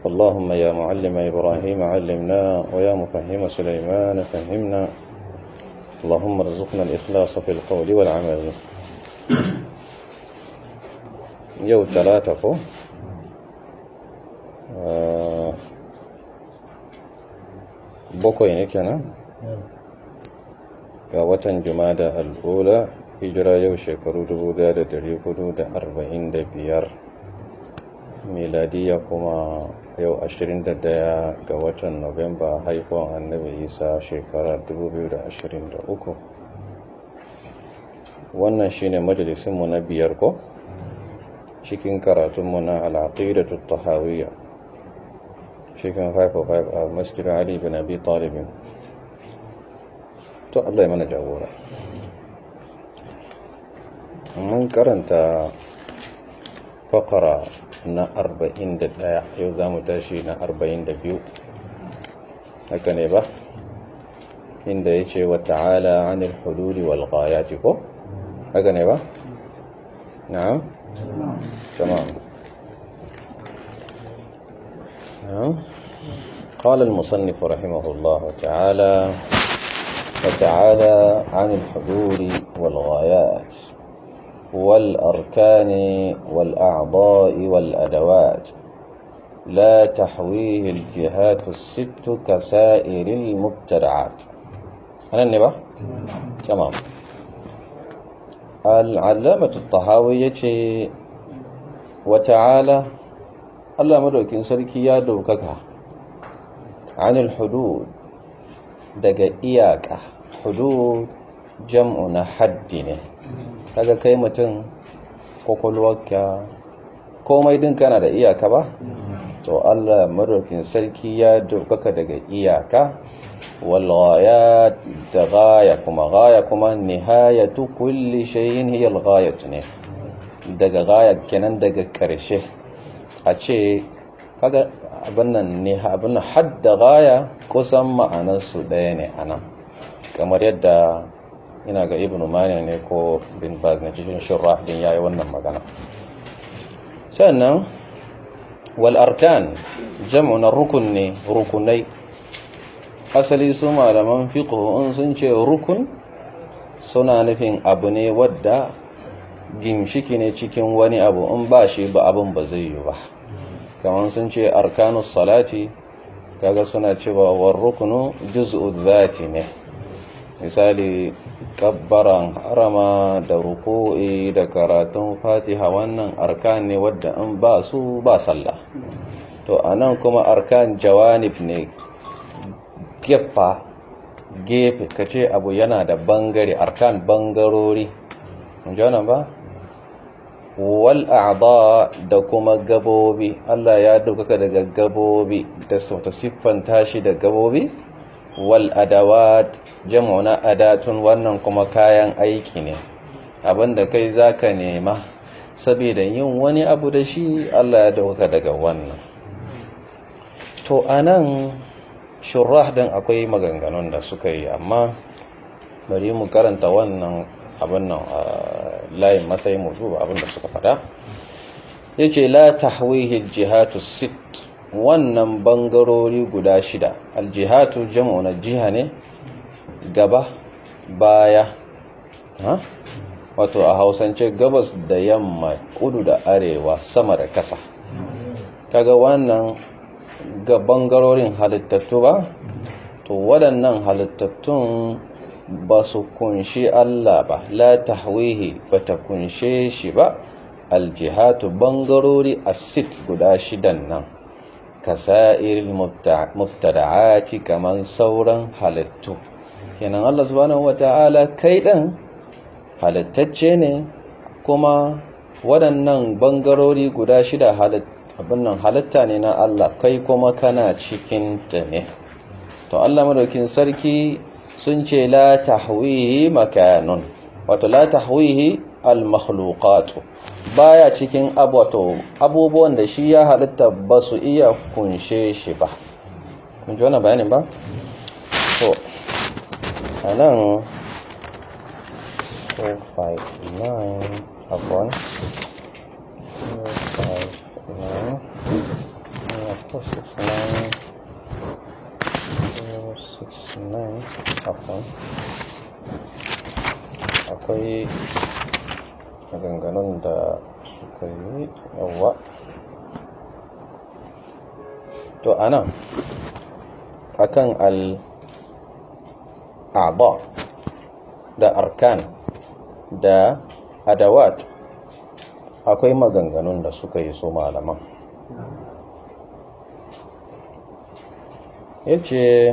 اللهم يا معلم إبراهيم علمنا ويا مفهم سليمان فهمنا اللهم ارزقنا الإخلاص في القول والعمل يو ثلاثة فو آه بوكو ينك أنا قوة نعم. جمادة الأولى hijira yau أربعين دبيار ميلادية كما yau 21 ga watan Nuwamba haihuwan annabi Isa shekara 2023 wannan shine majalisinmu na biyar ko cikin karatunmu na al'aqida tattahawiyya cikin 505 a masjid Ali bin Abi Talib to Allah ya mana jagora mun karanta fakara na arba'in da ɗaya yau za mu tashi na arba'in da biyu haka ne ba inda ya ce wata ala anil huduri wal ghayati ko haka ne ba na'am tamam na'am قال المصنف رحمه الله تعالى وتعالى عن الحضور والغايات والأركان والأعضاء والأدوات لا تحويه الجهات الست كسائر المبتدعات هل النبا تمام العلامة الطهاوية وتعالى الله مدوكين سركي يا دوكك عن الحدود دقا إياك حدود جمعنا حد نه kaga kai mutum kwakwalwarka komai din kana da iyaka ba to Allah madaukin sarki ya dokaka daga iyaka walghaya da gaya kuma gaya kuma nihayatu kulli shay'in hiya gaya ne daga gaya kenan daga karshe a ce kaga abinnan ne abin hadda gaya kusan ma'anar su ɗaya ne anan kamar yadda ina ga Ibnu mani ne ko bin baz na cikin shurrah din yayi wannan magana sannan wal arkan jam'un rukun ne rukunai asali su malaman fiqh in sun ce rukun suna nufin abu ne wadda ginshiki ne cikin wani abu in ba shi ba abin ba zai yi ba kamar sun ce arkanus salati kaga suna cewa war rukunu juz'u dhati ne misali kabbaran harama da ruku'i da karatun fatiha wannan arkan ne wadda an ba su ba sallah to anan kuma arkan jawanib ne gefa gefe kace abu yana da bangare arkan bangarori mun ba wal a'da da kuma gabobi Allah ya daukaka daga gabobi da sautasiffan tashi shi da gabobi wal adawat jam'u na adatun wannan kuma kayan aiki ne abinda kai zaka nema saboda yin wani abu da shi Allah ya dauka daga wannan to anan shurrah din akwai maganganun da suka yi amma bari mu karanta wannan abin nan layin matsayin mutu abin da suka fada yace la tahwihi jihatu sitt wannan bangarori guda shida aljihatu jam'u na jiha ne gaba baya ha wato a hausance gabas da yamma kudu da arewa sama da kasa kaga wannan ga bangarorin halittattu ba to waɗannan halittattun ba su kunshi Allah ba la tahwihi ba ta kunshe shi ba aljihatu bangarori sit guda shidan nan kasa'iril mubtada'ati kamar sauran halittu kenan Allah subhanahu wata'ala kai ɗan halittacce ne kuma waɗannan bangarori guda shida abin nan halitta ne na Allah kai kuma kana cikin ta ne to Allah madaukin sarki sun ce la tahwihi makanun wato la tahwihi al makhluqat baya cikin abubuwan da shi ya halitta ba su iya kunshe shi ba kun ji wannan bayanin ba to anan akwai maganganun da suka yi yawa to ana akan al-aba da arkan da adawat akwai maganganun da suka yi so malaman yace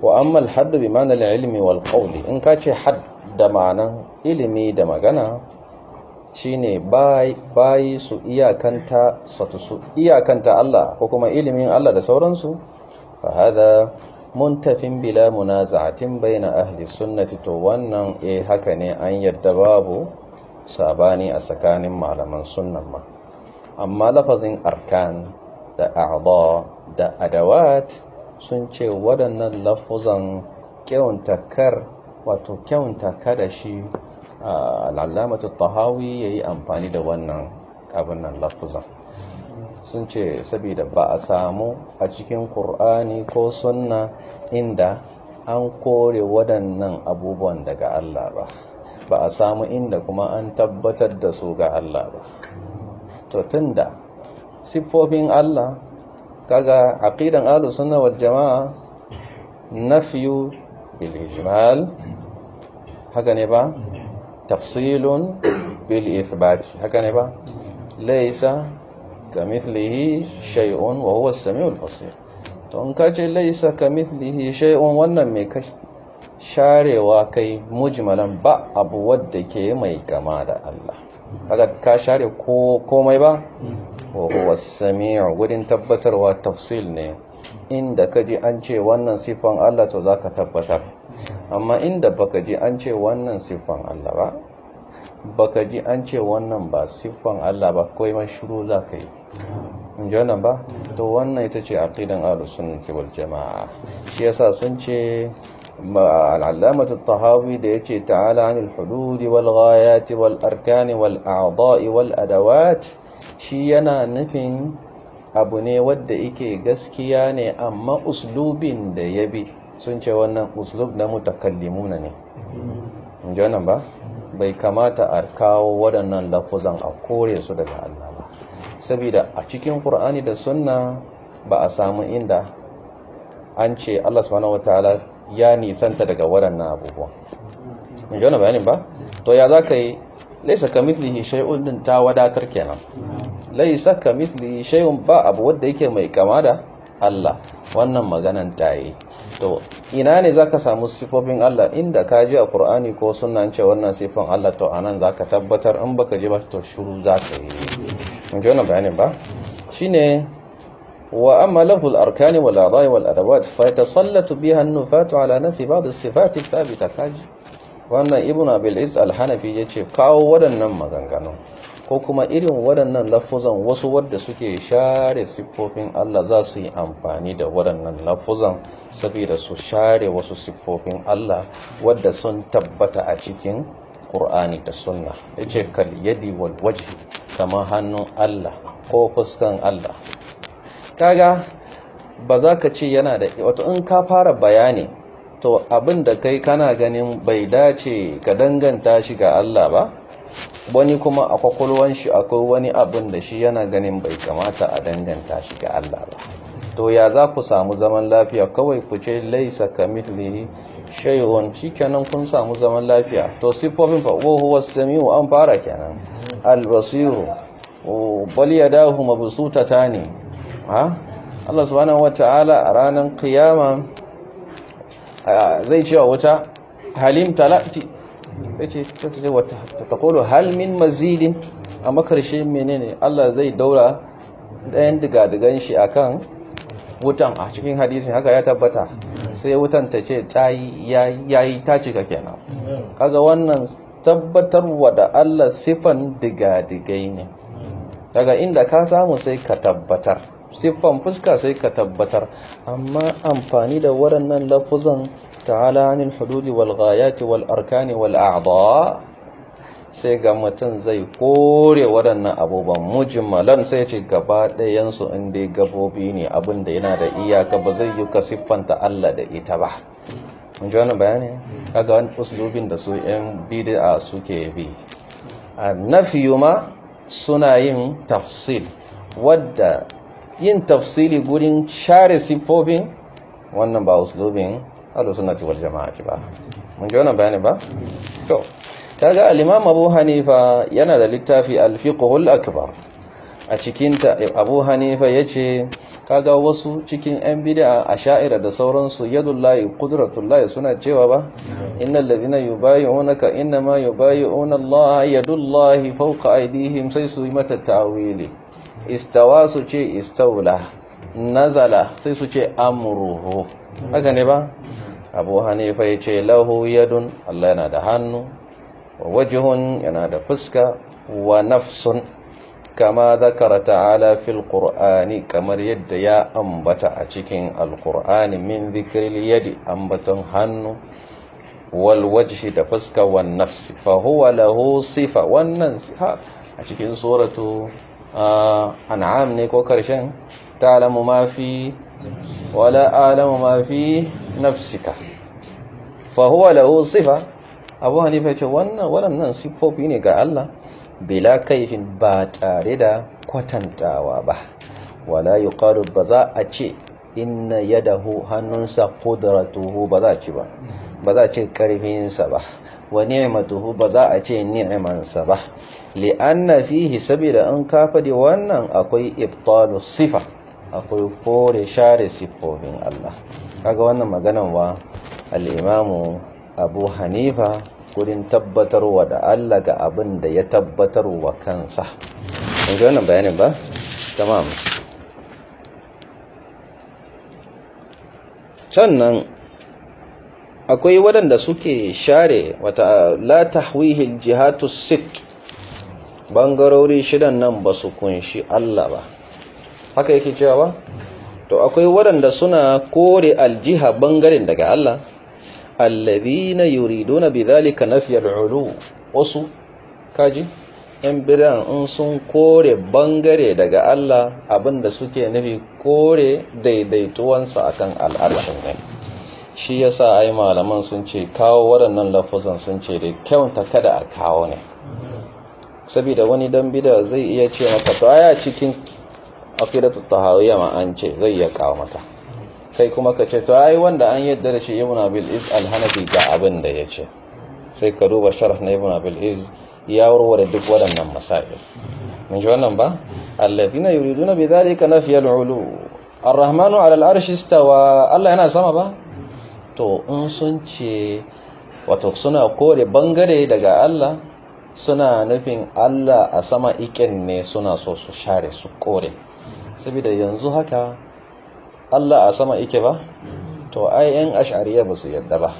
wa amma al-hadd bi ma'na al-ilmi wal in kace hadd da ma'anan ilimi da magana shine bayi su iyakanta su iyakanta Allah ko kuma ilimin Allah da sauransu fa hada muntafin bila munaza'atin baina ahli sunnati to wannan eh haka ne an yadda babu sabani a tsakanin malaman sunnan ma amma lafazin arkan da a'da da adawat sun ce waɗannan lafuzan kar wato kyauntaka kada shi Ah, al'allamatu tahawi ya yi amfani da wannan abin nan lafuzan sun ce saboda ba a samu a cikin ƙur'ani ko sunna inda an kore waɗannan abubuwan daga Allah ba ba a samu inda kuma an tabbatar da su ga Allah ba to tunda siffofin Allah kaga aƙidan ahlus sunna wal jamaa nafyu bil ijmal haka ne ba tafsilun bil ithbat haka ne ba laisa kamithlihi shay'un wa huwa as-sami'ul basir to in ka laisa kamithlihi shay'un wannan me kai sharewa kai mujmalan ba abu wadda ke mai kama da Allah haka ka share ko komai ba wa huwa as-sami'u gudun tabbatarwa tafsil ne inda kaji an ce wannan sifan Allah to zaka tabbatar amma inda baka ji an ce wannan siffan Allah ba baka ji an ce wannan ba siffan Allah ba kawai mai shiru za ka yi wannan ba to wannan ita ce aqidan al-sunnah kibal jama'a shi yasa sun ce al-allama at-tahawi da yace ta'ala anil hudud wal ghayat wal arkan wal a'dha' wal adawat shi yana nufin abu ne wanda yake gaskiya ne amma uslubin da ya bi. sun ce wannan uslub na mutakallimuna ne in ji wannan ba bai kamata a kawo waɗannan lafuzan a kore su daga Allah ba saboda a cikin Qur'ani da Sunna ba a samu inda an ce Allah subhanahu wataala ya nisanta daga waɗannan abubuwa in ji wannan bayanin ba to ya zaka yi laisa kamithlihi shay'un din ta wadatar kenan laisa kamithlihi shay'un ba abu wanda yake mai kama da Allah wannan maganan ta yi to ina ne zaka samu sifofin Allah inda ka ji a Qur'ani ko an ce wannan sifan Allah to anan zaka tabbatar in baka ji ba to shiru zaka yi mun ji wannan bayanin ba shine wa amma lafzul arkani wal adai wal adabat fa yatasallatu biha an-nufatu ala nafi ba'd as-sifat thabita kaji wannan ibnu abil al-hanafi yace kawo waɗannan maganganu ko kuma irin waɗannan lafuzan wasu wadda suke share siffofin Allah za su yi amfani da waɗannan lafuzan saboda su share wasu siffofin Allah wadda sun tabbata a cikin Ƙur'ani da Sunna yace kal yadi wal kama hannun Allah ko fuskan Allah kaga ba za ka ce yana da wato in ka fara bayani to abin da kai kana ganin bai dace ka danganta shi ga Allah ba wani kuma a kwakwalwan shi akwai wani abin da shi yana ganin bai kamata a danganta shi ga Allah ba to ya za ku samu zaman lafiya kawai ku ce laisa kamithlihi shay'un shikenan kun samu zaman lafiya to sifofin fa wa huwa samiu an fara kenan al-basir bal yadahu mabsutatani ha Allah subhanahu wataala a ranar qiyama zai ce wa wuta halim talati yace ta ce wata taqulu hal min mazidin a makarshe menene Allah zai daura ɗayan digadigan shi akan wutan a cikin hadisin haka ya tabbata sai wutan ta ce tayi yayi ta cika kenan kaga wannan tabbatarwa da Allah sifan digadigai ne daga inda ka samu sai ka tabbatar siffan fuska sai ka tabbatar amma amfani da waɗannan lafuzan تعالى عن الحدود والغايات والأركان والأعضاء sai ga mutum zai kore waɗannan abubuwan mujimmalan sai ce gaba ɗayansu inda gabobi ne abinda yana da iyaka ba zai yi ka siffanta Allah da ita ba in ji wani bayani kaga wani uslubin da su yan A, suke bi a nafiyu ma suna yin tafsil wadda yin tafsili gurin share siffofin wannan ba uslubin suna sunnati wal jama'ati ba mun ji wannan bayani ba to kaga al-imam Abu Hanifa yana da littafi al-fiqhul akbar a cikin ta Abu Hanifa yace kaga wasu cikin yan bid'a asha'ira da sauransu yadullahi qudratullahi suna cewa ba innal ladina yubayyi'unaka inma yubayyi'una Allah yadullahi fawqa aydihim sai su yi mata tawili istawa su ce istawla nazala sai su ce amruhu haka ne ba abu hanifa ya ce lahu yadun Allah yana da hannu wa wajihun yana da fuska wa nafsun kama zakara ta'ala fil kamar yadda ya ambata a cikin alƙur'ani min zikirin yadi ambaton hannu wal da fuska wan nafsi fa lahu sifa wannan a cikin suratu ah, an'am ne ko karshen تعلم ما في ولا أعلم ما في نفسك فهو له صفة أبو هنيفة يقول ولن صفوفي ne ga Allah bila kaifin ba tare da kwatantawa ba wala yuqalu ba za a ce inna yadahu hannunsa ko ba za ba za a ce karfinsa ba wa ni'matuhu ba za a ce ni'mansa ba li'anna fihi sabida an ka da wannan akwai ibtalu sifa akwai kore share sifofin Allah kaga wannan maganan wa al-imamu abu hanifa gurin tabbatarwa da Allah ga abin da ya tabbatarwa kansa in ji wannan bayanin ba? tamam sannan akwai waɗanda suke share wata la tahwihil Jihatu Sikh" bangarori shidan nan ba su kunshi Allah ba haka yake cewa ba to akwai waɗanda suna kore aljiha bangaren daga Allah alladhina yuriduna bidhalika nafyal ulu wasu kaji yan bidan in sun kore bangare daga Allah abinda suke nufi kore daidaituwansa akan al'arshin ne shi yasa ai malaman sun ce kawo waɗannan lafazan sun ce da kyauta kada a kawo ne saboda wani dan bida zai iya ce maka to aya cikin aqidatu tahawiyya ma an ce zai ya kawo mata kai kuma ka ce to ai wanda an yadda da shi ibn abil is al-hanafi ga abin da ya ce sai ka duba sharh na ibn abil is ya warware duk waɗannan masail mun ji wannan ba alladhina yuriduna bi zalika nafiy al-ulu ar-rahmanu 'ala al-arshi istawa Allah yana sama ba to in sun ce wato suna kore bangare daga Allah suna nufin Allah a sama iken ne suna so su share su kore saboda yanzu haka Allah a sama yake ba to ai yan ash'ariya ba su yadda ba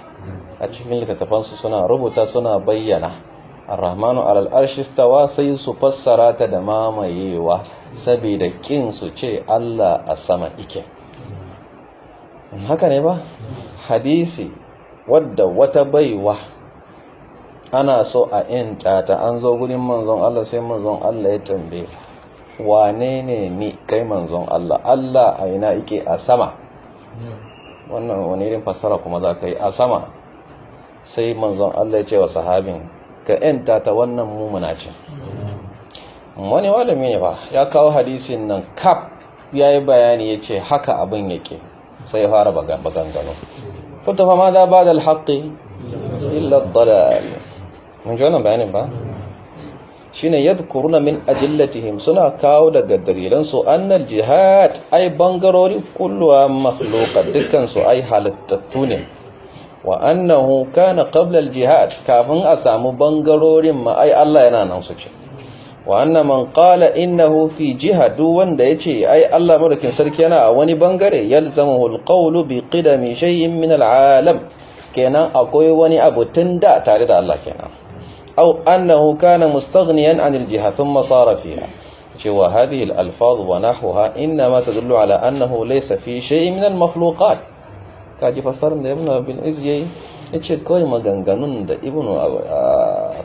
a cikin littattafansu suna rubuta suna bayyana Ar-Rahmanu alal arshi sai su fassara ta da mamayewa saboda kin su ce Allah a sama yake haka ne ba hadisi wadda wata baiwa ana so a 'yanta ta an zo gurin manzon Allah sai manzon Allah ya tambaye ta wane ne ni kai manzon Allah Allah a ina ike a sama wannan wani irin fassara kuma za ka yi a sama sai manzon Allah ya ce wa sahabin ka yanta ta wannan mumuna ce wani walami ne ba ya kawo hadisin nan kaf ya yi bayani ya ce haka abin yake sai fara bagangano kuta fama da ba da alhaƙi illa dalal mun ji wannan bayanin ba shine yadhkuruna min ajillatihim suna kawo daga dalilan su annal jihad ai bangarori kulluwa makhluqa dukkan su ai halittattu ne wa annahu kana qabla al jihad kafin a samu bangarorin ma ai Allah yana nan suke wa anna man qala innahu fi jihad wanda yace ai Allah madaukin sarki yana a wani bangare yalzamuhu al qawlu bi qidami shay'in min al'alam. kenan akwai wani abu tunda tare da Allah kenan أو أنه كان مستغنيا عن الجهة ثم صار فيها وهذه الألفاظ ونحوها إنما تدل على أنه ليس في شيء من المخلوقات kaji fasar da ibn bin iz yayi yace kawai maganganun da ibnu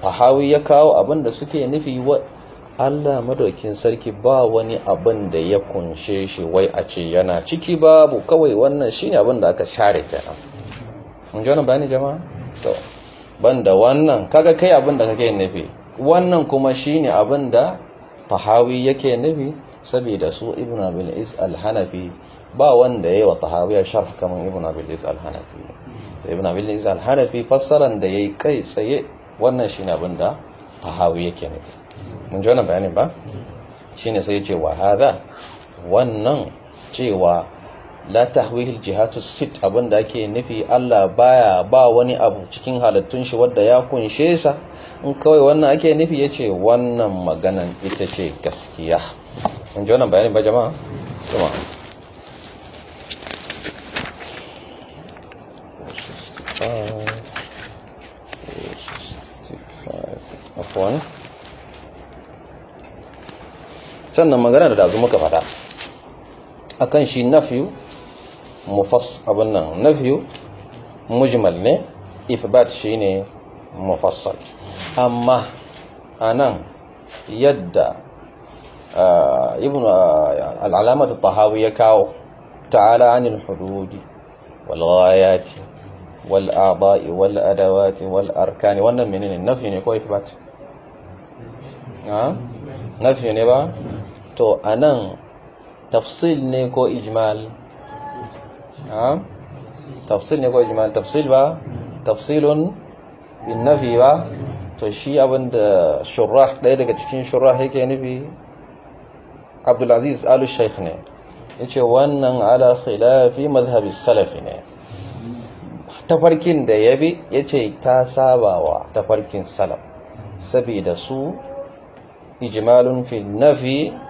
tahawi ya kawo abin da suke nufi wa Allah madaukin sarki ba wani abin da ya kunshe shi wai a ce yana ciki babu kawai wannan shine abin da aka share kenan mun ji wannan bayani jama'a banda wannan kaga kai abinda da kake nufi wannan kuma shine abin da tahawi yake nufi saboda su ibn abil is al-hanafi ba wanda yayi wa tahawiya sharh kaman ibn abil is al-hanafi ibn abil is al-hanafi fassaran da yayi kai tsaye wannan shine abin da tahawi yake nufi mun ji wannan bayanin ba shine sai ya ce wa wannan cewa la tahwihil jihatu sit abinda ake nufi Allah baya ba wani abu cikin halittun shi wanda ya kunshe sa in kawai wannan ake nufi yace wannan maganan ita ce gaskiya in ji wannan bayanin ba jama'a jama'a sannan magana da dazu muka fada akan shi nafiyu mufas abinnan nafiyu mujmal ne ifbat shi ne mufassal amma a nan yadda ibn al-alamat tahawi ya kawo ta'ala anil hududi wal ghayati wal a'dha'i wal adawati wal arkani wannan menene nafi ne ko ifbat nafi ne ba to anan tafsil ne ko ijmal tafsil ne ko ijmal tafsil ba tafsilun bin nafi ba to shi abinda shurrah ɗaya daga cikin shurrah yake nufi abdulaziz al sheikh ne ce wannan ala khilafi madhhabi salafi ne tafarkin da ya ya yace ta sabawa tafarkin salaf sabida su ijmalun fi nafi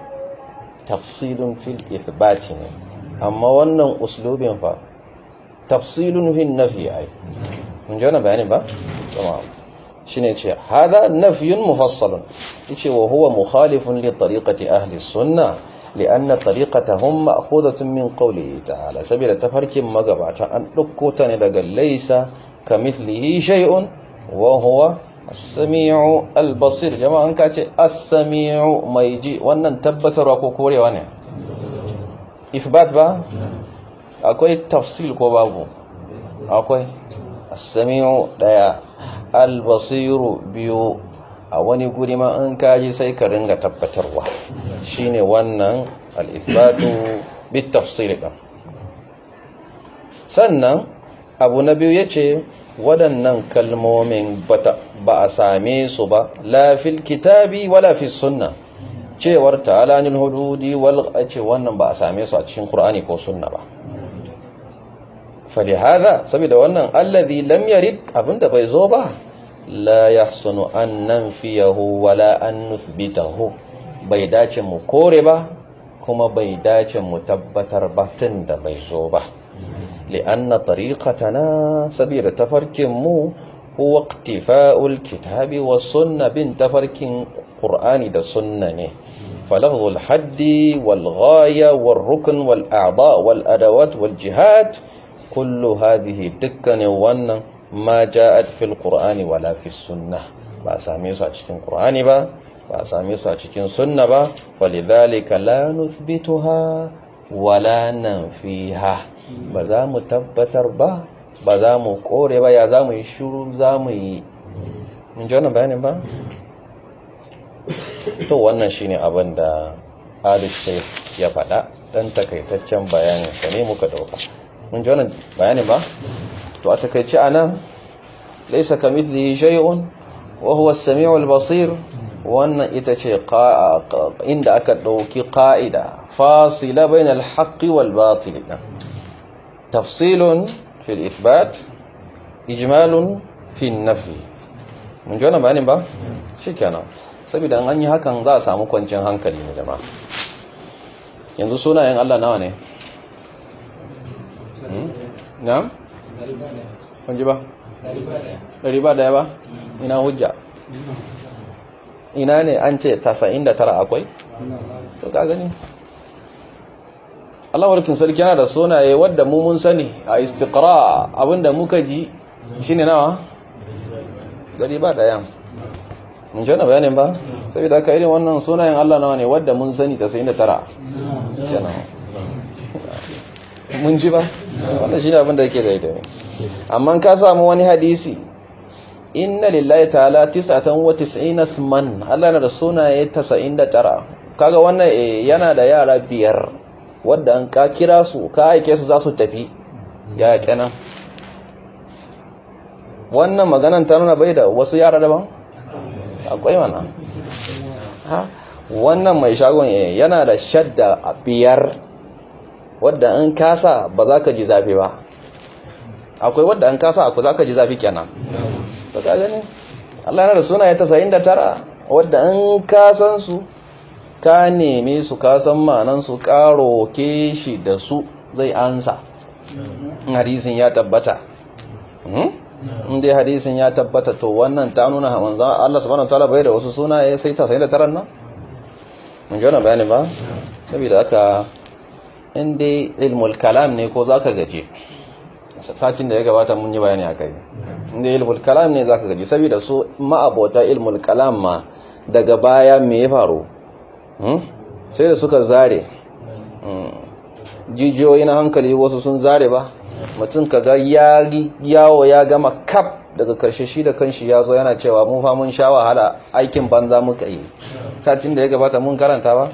tafsilun fil ithbati ne amma wannan uslubin fa tafsilun fil nafi ai mun ji wannan bayani ba tamam shine ce hada nafyun mufassalun yace wa huwa mukhalifun li tariqati ahli sunnah li'anna tariqatahum ma'khudatun min qawlihi ta'ala saboda tafarkin magabata an dauko ta ne daga laysa kamithlihi shay'un wa huwa as-sami'u al-basir jama'an ka ce as-sami'u mai ji wannan tabbatarwa ko korewa ne ifbat ba akwai tafsil ko babu akwai as-sami'u daya al biyu a wani guri ma ka kaji sai ka ringa tabbatarwa shine wannan al bi bit sannan abu na biyu ya ce waɗannan kalmomin bata ba a same su ba Lafil kitabi wala fis sunna cewar ta'alanil hududi wal wannan ba a same su a cikin Ƙur'ani ko sunna ba falihada saboda wannan allazi lam yarid abinda bai zo ba la yahsunu an nanfiyahu wala an nuthbitahu bai dace mu kore ba kuma bai dace mu tabbatar ba da bai zo ba li'anna tariqatana saboda tafarkin mu huwa ƙtifa’ul kitabi wa sunna bin farkin ƙur'ani da sunna ne falafzul haddi wal ghaya wal rukun wal a'da wal adawat wal jihad kullu hadhihi dukkanin wannan ma ja'at fil qur'ani wala fi sunnah ba same su a cikin qur'ani ba ba same su a cikin sunna ba walidhalika la nuthbituha wala nanfiha ba za mu tabbatar ba ba za mu kore ba ya za mu yi shuru za mu yi mun ji wannan bayanin ba to wannan shi ne abin da Arif ya faɗa dan takaitaccen bayanin sa ne muka dauka mun ji wannan bayanin ba to a a nan laysa kamit shay'un wa huwa as-sami'ul basir wannan ita ce inda aka ɗauki ƙa'ida fasila bainal haqqi wal batil tafsilun في الإثبات ijmalun fi nafi mun ji wannan bayanin ba shikenan saboda an yi hakan za a samu kwanciyar hankali ne jama'a yanzu sunayen Allah nawa ne hmm? na'am kun ji ba dari ba daya ina hujja ina ne an ce 99 akwai to ka gani Allah warkin sarki yana da sunaye wadda mu mun sani a istiqra abinda muka ji shine nawa dari ba daya mun jana bayanin ba saboda haka irin wannan sunayen Allah nawa ne wadda mun sani 99 kenan mun ji ba wannan shine abinda yake daidai amma ka samu wani hadisi inna lillahi ta'ala 99 isman Allah yana da sunaye 99 kaga wannan eh, yana da yara biyar wanda an ka kira su ka aike su za su tafi ya kenan wannan maganan ta nuna bai da wasu yara daban akwai mana ha wannan mai shagon eh, yana da shadda a biyar wadda an kasa ba za ka ji zafi ba akwai wadda an kasa akwai za ka ji zafi kenan ta gani Allah yana da suna ya tasayin da tara wadda an kasansu ka neme su ka san manan su karo ke shi da su zai ansa hadisin ya tabbata hmm? hmm. inda hadisin ya tabbata to wannan ta nuna manzan Allah subhanahu wataala bai da wasu ya sai ta sai da taran nan mun ji bayani ba saboda aka inda ilmul kalam ne ko zaka gaje satin da ya gabata mun yi bayani kai. inda ilmul kalam ne zaka gaje saboda su ma'abota ilmul kalam ma daga baya me ya faru Hmm? sai da suka zare hmm. jijiyoyi na hankali wasu sun zare ba mutum ka ga yawo ya gama kap daga karshe shi da kanshi ya zo yana cewa mun fa mun sha wahala aikin banza muka yi satin da ya gabata mun karanta ba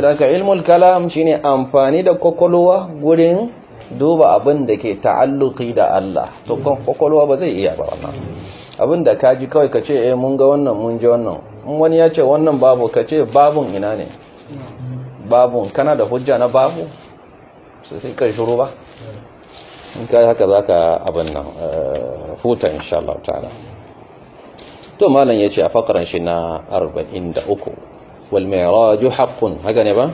da aka ilmul kalam shine amfani da kwakwalwa gurin duba abin da ke ta'alluki da Allah to kwakwalwa ba zai iya ba wannan abin da kaji kawai ka ce eh mun ga wannan mun ji wannan wani ya ce wannan babu ka ce babun ina ne babun kana da hujja na babu sai kai shuru ba in ka haka za ka abin nan eh, huta insha Allah ta'ala to malam ya ce a fakaran shi na 43 wal mi'raju haqqun haka ne ba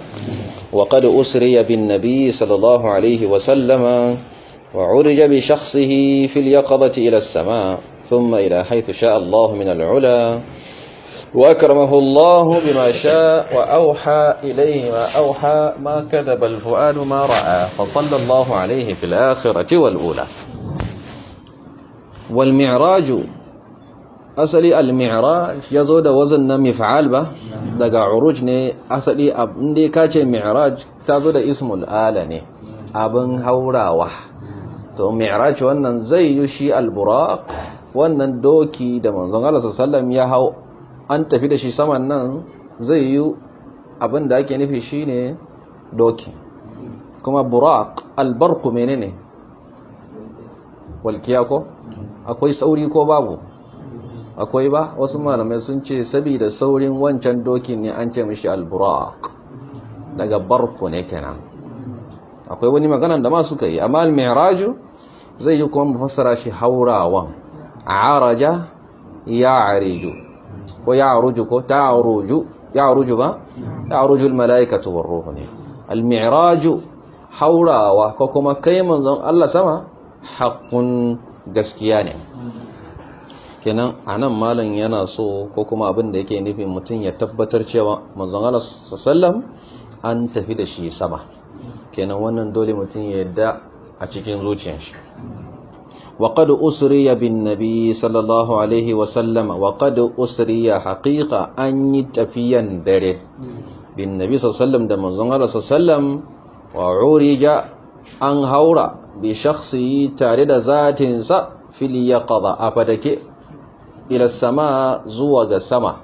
wa qad usriya bin nabi sallallahu alaihi wa sallama wa urija bi shakhsihi fil yaqadati ila as-sama thumma ila haythu sha'a Allah min al-'ula وأكرمه الله بما شاء وأوحى إليه ما أوحى ما كذب الفؤاد ما رأى فصلى الله عليه في الآخرة والأولى والمعراج asali al-mi'raj ya zo da wazan na mif'al ba daga uruj ne asali inda ka ce mi'raj ta zo da ismul ala ne abin haurawa to mi'raj wannan zai yi shi al wannan doki da manzon Allah sallallahu ya hau an tafi da shi saman nan zai yi abin da ake nufi shi ne doki kuma burak albarku mene ne walkiya ko akwai sauri ko babu akwai ba wasu malamai sun ce saboda saurin wancan dokin ne an ce mishi alburak daga barku ne kenan akwai wani maganan da masu suka yi amma almiraju zai yi kuma mafasara shi haurawan a araja ya arijo ko ya aruju ko ta aruju ya aruju ba ta aruju almalaikatu warruhu ne almi'raju haurawa ko kuma kai manzon Allah sama haqqun gaskiya ne kenan anan malam yana so ko kuma abin da yake nufin mutum ya tabbatar cewa manzon Allah sallam an tafi da shi sama kenan wannan dole mutum ya yadda a cikin zuciyarsa وقد أسري بالنبي صلى الله عليه وسلم وقد أسري حقيقة أن يتفيا دره بالنبي صلى الله عليه وسلم ده منظوم الله صلى الله عليه وسلم وعورج أن هورا بشخصه تارد ذات في اليقظة أفدك إلى السماء زوج السماء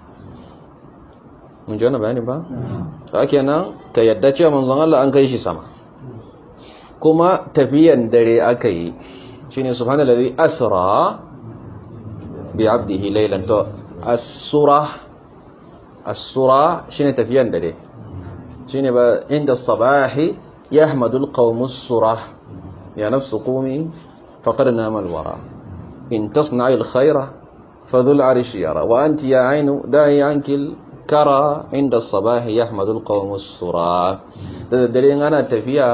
mun ji wani bayani ba? ta kenan ka yadda cewa manzon Allah an kai shi sama kuma tafiyan dare aka yi شنو سبحان الذي أسرى بعبده ليلا تو السرى السورة شنو تبين دلي شنو عند الصباح يحمد القوم السرى يا نفس قومي فقد نام الورى إن تصنع الخير فذو العرش يرى وأنت يا عين داعي عنك الكرى عند الصباح يحمد القوم السورة دلي أنا تفيا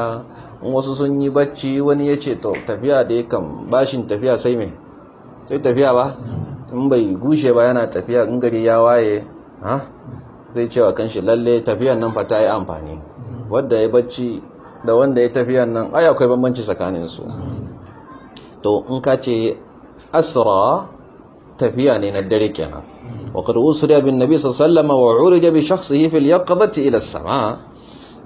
wasu sun yi bacci wani ya ce to tafiya da kan bashin tafiya sai mai sai tafiya ba in bai gushe ba yana tafiya in gari ya waye ha zai cewa kanshi lalle tafiyan nan fa ta yi amfani wadda ya bacci da wanda ya tafiyan nan ai akwai bambanci tsakanin su to in ka ce asra tafiya ne na dare kenan wa qad usriya bin nabi sallallahu alaihi wasallam wa urija bi shakhsihi fil yaqabati ila as-sama'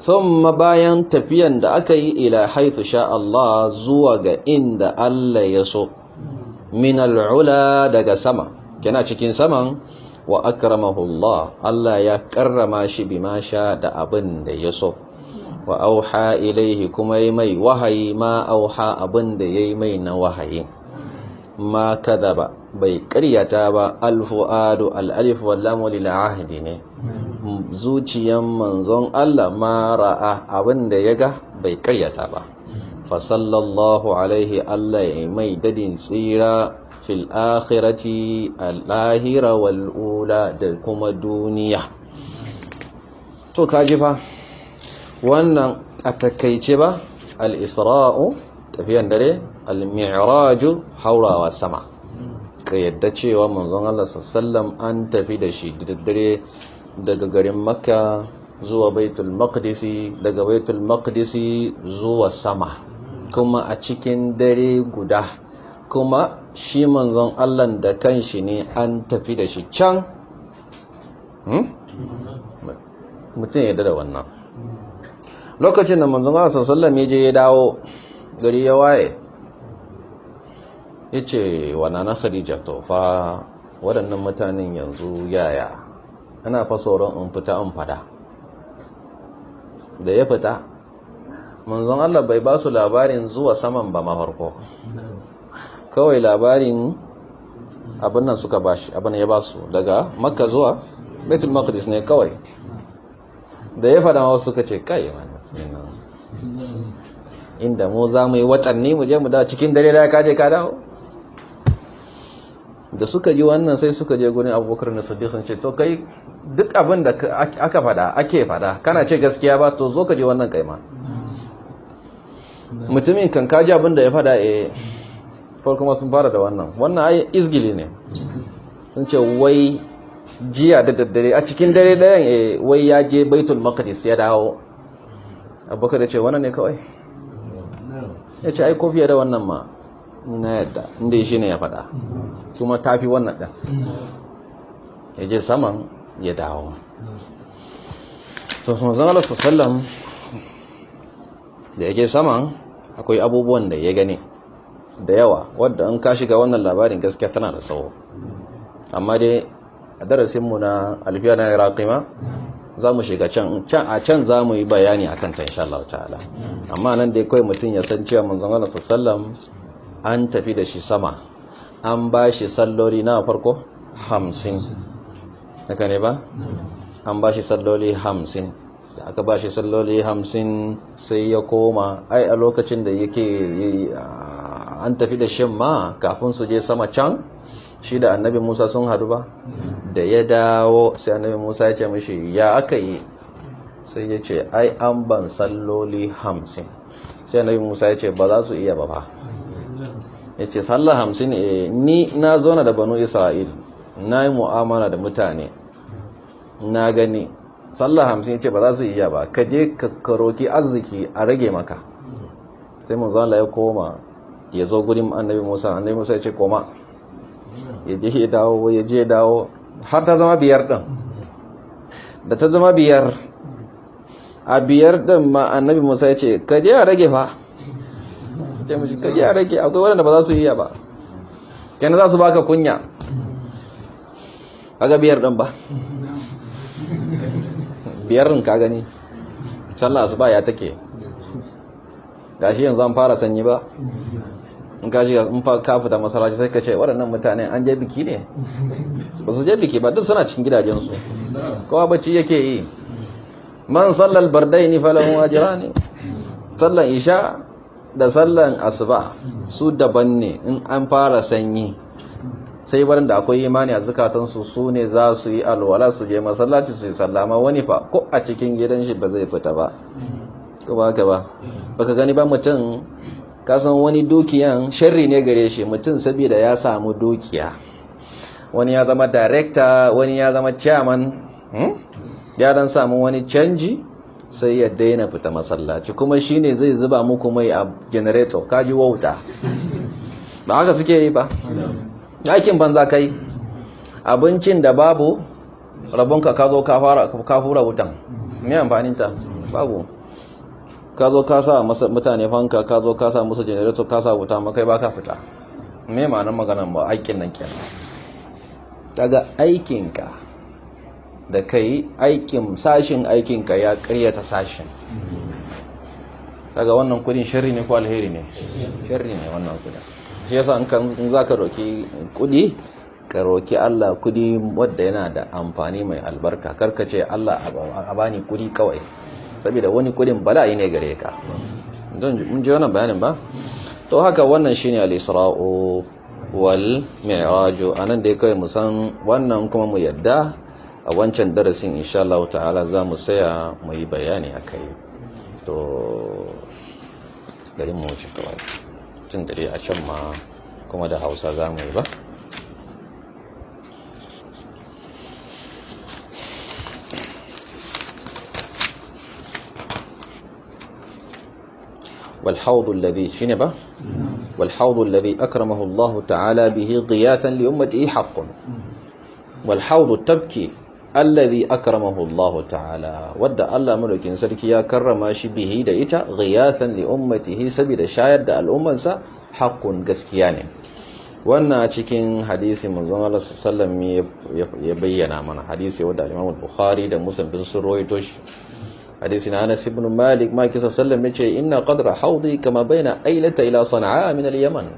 thumma bayan tafiyan da aka yi ila haithu sha Allah zuwa ga inda Allah ya so min al'ula daga sama Kana cikin saman wa akramahu Allah Allah ya karrama shi bima sha da abin da ya so wa auha ilaihi kuma yi mai wahayi ma auha abin da yayi mai na wahayi ma kadaba bai ƙaryata ba alfu'adu al'alif wallahu lil ahdi ne zuciyan manzon Allah ma ra'a abinda ya ga bai karyata ba fa alaihi Allah ya mai dadin tsira fil akhirati al-lahira wal da kuma duniya to kaji fa wannan a takaice ba al-isra'u tafiyan dare al-mi'raju haurawa sama ka yadda cewa manzon Allah sallallahu an tafi da shi da dare daga garin makka zuwa baitul maqdisi daga baitul maqdisi zuwa sama kuma a cikin dare guda kuma shi manzon Allah da kanshi ne an tafi da shi can hmm? mutum ya dada wannan lokacin da manzon Allah sallallahu alaihi wasallam ya dawo gari ya waye yace wa nana Khadija to fa waɗannan mutanen yanzu yaya ana fa tsoron in fita in fada da ya fita manzon Allah bai ba su labarin zuwa saman ba mafarko kawai labarin abin nan suka bashi abin ya ba su daga makka zuwa Betul makadis ne kawai da ya fada ma suka ce kai inda mu za mu yi watanni mu je mu dawa cikin dare da kaje ka dawo da suka ji wannan sai suka je gurin abubakar na siddiq sun ce to kai duk abin da aka fada ake fada kana ce gaskiya ba to zo ka je wannan kaima mutumin kan kaji abin da ya fada eh farko ma sun fara da wannan wannan ai izgili ne sun ce wai jiya da daddare a cikin dare dayan eh wai ya je baitul maqdis ya dawo abubakar ya ce wannan ne kawai ya ce ai kofi da wannan ma na yadda inda shi ne ya fada kuma tafi wannan ɗan ya je saman ya dawo to manzon Allah sallam da yake saman akwai abubuwan da ya gani da yawa wadda an ka shiga wannan labarin gaskiya tana da tsawo amma dai a darasinmu na alfiya na iraqima za mu shiga can a can za mu yi bayani a kanta insha Allah ta'ala amma nan dai kawai mutum ya san cewa manzon Allah sallam an tafi da shi sama an ba shi sallori na farko hamsin haka ne ba an ba shi salloli hamsin da aka ba shi salloli hamsin sai ya koma ai a lokacin da yake an tafi da shin ma kafin su je sama can shi da annabi musa sun hadu ba da ya dawo sai annabi musa ya ce mishi ya aka yi sai ya ce ai an ban salloli hamsin sai annabi musa ya ce ba za su iya ba ba ya ce salla hamsin eh, ni na zauna da banu isra'il na yi mu'amala da mutane na gani sallah hamsin ya ce ba za su iya ba ka je ka karoki arziki a rage maka sai zala ya koma ya zo gudun annabi musa annabi musa ya ce koma ya je ya dawo ya je dawo har ta zama biyar ɗin da ta zama biyar a biyar ɗin ma annabi musa ya ce ka je a rage fa ce mashi ka je a rage akwai waɗanda ba za su iya ba kenan za su baka kunya a ga biyar ɗin ba Biyar ka gani sallah asuba ya take gashi yanzu an fara sanyi ba in ka ji in fa ka fita masallaci sai ka ce waɗannan mutane an je biki ne ba su je biki ba duk suna cikin gidajensu kowa bacci yake yi man sallal bardaini falahu ajrani sallan isha da sallan asuba su daban ne in an fara sanyi sai da akwai imani a zukatansu su ne za su yi alwala su je masallaci su yi sallama wani fa ko a cikin gidan shi ba zai fita ba ko ba ka ba baka gani ba mutum ka san wani dukiyan sharri ne gare shi mutum saboda ya samu dukiya wani ya zama director wani ya zama chairman hmm? ya dan samu wani canji sai ya daina fita masallaci kuma shine zai zuba muku mai a generator kaji wauta ba haka suke yi ba aikin banza kai abincin da babu rabonka ka zo ka hura wutan mai amfaninta babu ka zo ka sa mutane fanka ka zo ka sa musu generator ka sa wuta makai ba ka fita mai ma'anar maganin ba aikin nan ke daga aikinka da ka yi aikin sashin aikinka ya karyata sashin daga wannan kudin shirri ne ko alheri ne shirri ne wannan kudin shi yasa in za ka roki kudi ka roki Allah kudi wadda yana da amfani mai albarka karka ce Allah a bani kudi kawai saboda wani kudin yi ne gare ka don mun ji wannan bayanin ba to haka wannan shine al-isra'u wal mi'raj anan da kai mu san wannan kuma mu yadda a wancan darasin insha Allah ta'ala za mu saya mu yi bayani akai to garin mu wuce kawai tun da a can ma kuma da hausa za mu ba والحوض الذي شنبه والحوض الذي أكرمه الله تعالى به ضياثا لأمته حق والحوض التبكي allazi akramahu Allah ta'ala wadda Allah madaukin sarki ya karrama shi bihi da ita ghiyasan li ummatihi saboda shayar da al'ummansa hakkun gaskiya ne wannan cikin hadisi manzon Allah sallallahu alaihi wasallam ya bayyana mana hadisi wanda Imam Bukhari da Muslim bin sun rawaito shi hadisi na Anas ibn Malik ma kisa sallallahu alaihi wasallam yace inna qadra haudi kama baina ailata ila sana'a min al-yaman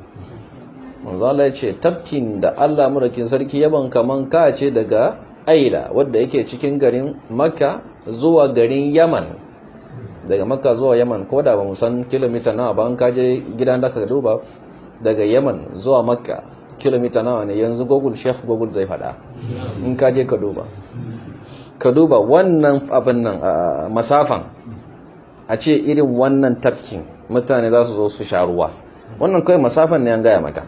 manzala ce tafkin da Allah murakin sarki yaban kaman ka ce daga aila wadda yake cikin garin makka zuwa garin yaman daga makka zuwa yaman ko da ba musan kilomita nawa ba an kaje gidan da ka duba daga yaman zuwa makka kilomita nawa ne yanzu google chef google zai fada in kaje ka duba ka duba wannan abin nan masafan a ce irin wannan tafkin mutane za su zo su sha ruwa wannan kawai masafan ne an gaya maka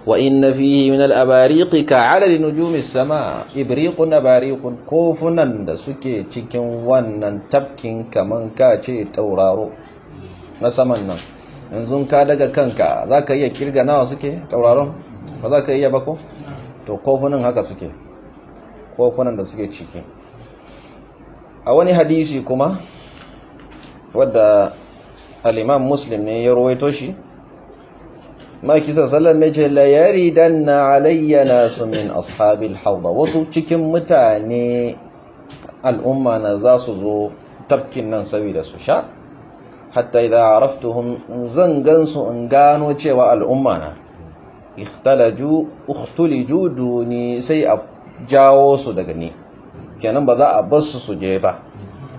na fi وإن فيه من الأباريق كعدد نجوم السماء إبريق أباريق كوفنا سكي تشكين ونن تبكين كمن كاتي تورارو nan, yanzu ka daga kanka za ka iya kirga nawa suke tauraron ba za ka iya ba ko to kofunan haka suke kofunan da suke ciki a wani hadisi kuma wadda al'imam muslim ne ya ruwaito shi maki sallam ya layari dan na alayyana su min ashabil hauda wasu cikin mutane al'umma na za su zo tafkin nan saboda su sha hatta idan araftuhum zan gansu in gano cewa al'umma na ikhtalaju duni sai a jawo su daga ni kenan ba za a basu su je ba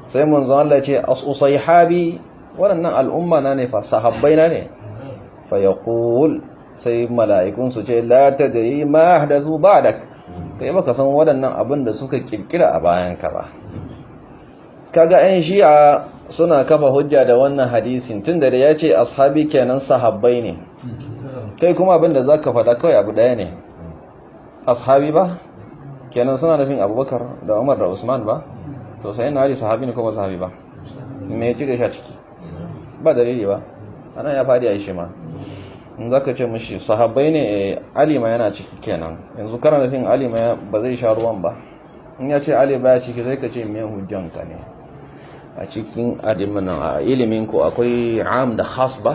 sai mun zan Allah ce asusai habi waɗannan al'umma na ne fa sahabbai na ne fayaqul sai mala'ikun su ce la tadri ma da ba'dak kai baka san waɗannan abin da suka kirkira a bayan ka ba kaga 'yan shi'a suna kafa hujja da wannan hadisin tunda da ya ce ashabi kenan sahabbai ne kai kuma abin da zaka faɗa kawai abu ɗaya ne ashabi ba kenan suna nufin abubakar da umar da usman ba to sai na ji sahabi ne kuma sahabi ba me ya cika shi ciki ba dalili ba ana ya faɗi a yi shi ma in za ka ce mashi sahabai ne eh, alima yana ciki kenan yanzu kana nufin alima ba zai sha ruwan ba in ya ce ali baya ciki zai ka ce mai hujjanka ne a cikin ilimin ku akwai am da khas ba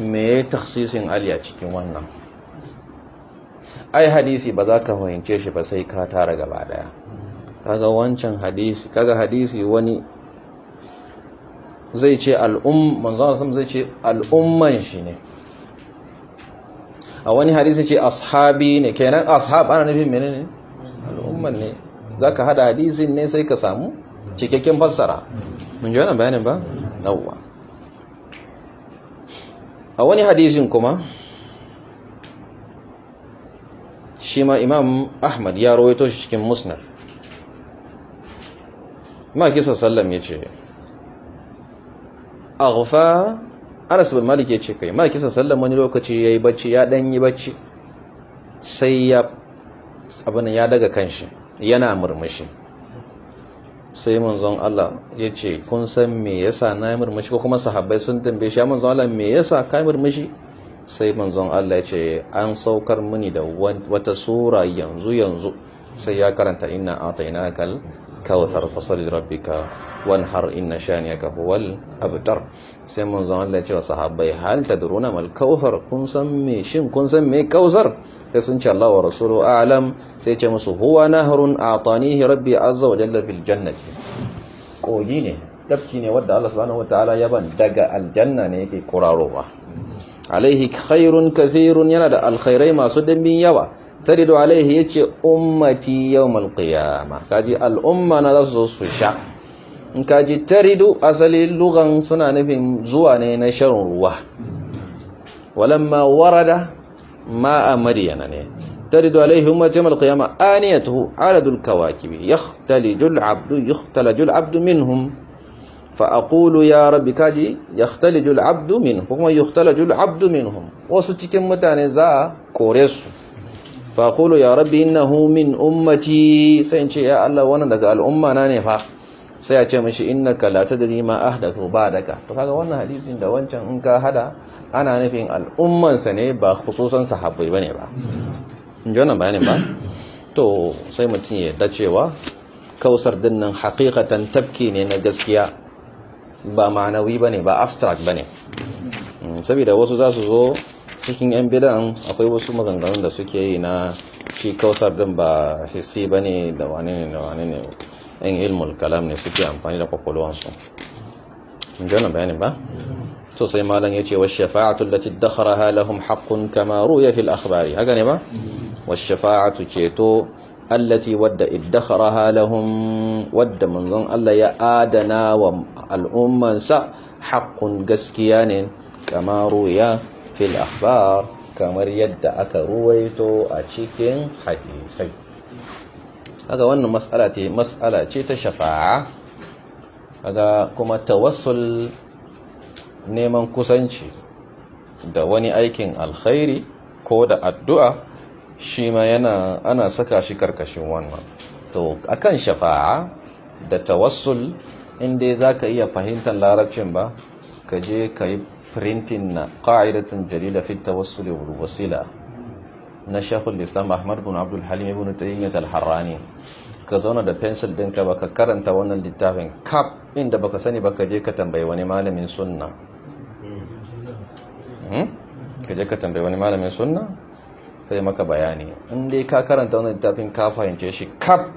me ya taksisin ali a cikin wannan ai hadisi ba za ka fahimce shi ba sai ka tara gaba daya kaga wancan hadisi kaga hadisi wani zai ce zai ce al'umman shi ne a wani hadisi ce ashabi ne kenan ashab ana nufin menene al'umman ne zaka hada hadisin ne sai ka samu cikakken fassara mun ji wannan bayanin ba yawwa a wani hadisin kuma shi ma imam ahmad ya rawaito shi cikin musnad ma kisa sallam ya ce aghfa anas bin malik ya ce kai ma kisan wani lokaci ya yi bacci ya ɗan yi bacci sai ya abinan ya daga kanshi yana murmushi sai manzon Allah ya ce kun san me yasa na murmushi ko kuma sahabbai sun tambaye shi manzon Allah me yasa ka murmushi sai manzon Allah ya ce an saukar muni da wata sura yanzu yanzu sai ya karanta inna atainakal kawthar fasali rabbika wanhar inna shaniyaka huwal abtar sai manzon Allah ya wa sahabbai hal tadruna mal kautsar kun san me shin kun san me kautsar sai sun ce Allah wa rasulu a'lam sai ce musu huwa nahrun atanihi rabbi azza wa jalla fil jannati kogi ne tafki ne wadda Allah subhanahu wataala ya ban daga aljanna ne yake kurarowa alaihi khairun kathirun yana da alkhairai masu dimbin yawa taridu alaihi yace ummati yawmal qiyamah kaji al'umma na za su sha in kaji taridu asali lugan suna nufin zuwa ne na shan ruwa walan ma warada ma a maryana ne taridu alaihi umarci malku yamma aniyatu aladun kawakibi ya tali jul abdu ya tala jul abdu minhum fa'akulu ya rabbi kaji ya tali jul abdu minhum kuma ya tala jul abdu minhum wasu cikin mutane za a kore su fa'akulu ya rabbi innahu min ummati sai in ce ya Allah wani daga al'umma na ne fa' sai a ce mashi inna kalata da ma ahdathu ba'daka to kaga wannan hadisin da wancan in ka hada ana nufin al'umman ne ba khususan sahabbai bane ba in ji wannan bayanin ba to sai mutum ya yarda cewa kausar dinnan hakikatan tabki ne na gaskiya ba ma'anawi bane ba abstract bane hmm, saboda wasu za su zo cikin yan bidan akwai wasu maganganun da suke yi na shi kausar din ba hissi bane da wane ne da wane ne 'yan ilmul kalam ne suke amfani da kwakwalwansu jana bayani ba to sai malam ya ce wa shafa'atu lati dakharaha lahum haqqun kama ruya fil akhbari haka ne ba wa shafa'atu ceto allati wadda iddakharaha lahum wadda manzon Allah ya adana wa al'ummansa haqqun gaskiya ne kama ruya fil akhbar kamar yadda aka ruwaito a cikin hadisai kaga wannan mas'ala ce mas'ala ce ta shafa'a kaga kuma tawassul neman kusanci da wani aikin alkhairi ko da addu'a shi ma yana ana saka shi karkashin wannan to akan shafa'a da tawassul inda za ka iya fahimtar larabcin ba ka je ka yi na qa'idatun jarida fi tawassuli wasila na shekul islam ahmad bin abdul halim ibn taymiyyah al-harrani ka zauna da pencil ɗinka baka karanta wannan littafin kap inda baka sani baka je ka tambayi wani malamin sunna hmm? ka je ka tambayi wani malamin sunna sai maka bayani in dai ka karanta wannan littafin ka fahimce shi kap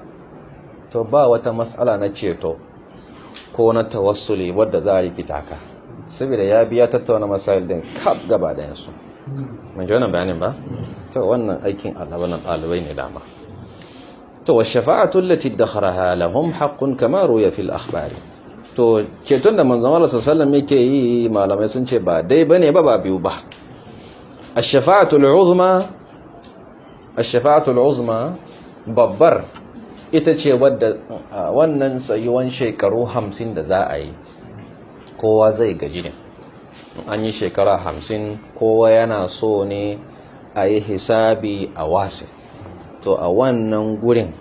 to ba wata matsala na ceto ko na tawassuli wadda za a rikita ka saboda ya biya tattauna masail din kap gaba da yansu mun ji wannan bayanin ba to wannan aikin Allah wannan ɗalibai ne dama to wa shafa'atu allati dakharaha lahum haqqun kama ruya fil akhbari to ceton da manzon Allah sallallahu alaihi yake yi malamai sun ce ba dai bane ba ba biyu ba ash-shafa'atu uzma ash-shafa'atu uzma babbar ita ce wadda wannan sayuwan shekaru 50 da za a yi kowa zai gaji ne an yi shekara hamsin kowa yana so ne a yi hisabi a wasi to a wannan gurin